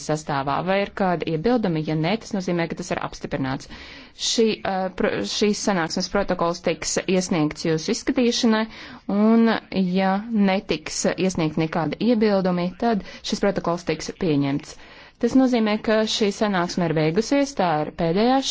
sastāvā, vai ir kādi iebildumi, ja nē, tas nozīmē, ka tas ir apstiprināts. Šī, uh, šīs sanāksmes protokols tiks iesniegts jūsu izskatīšanai, un ja netiks iesniegt nekādi iebildumi, tad šis protokols tiks pieņemts. Tas nozīmē, ka šī sanāksme ir beigusies, tā ir pēdējā šī.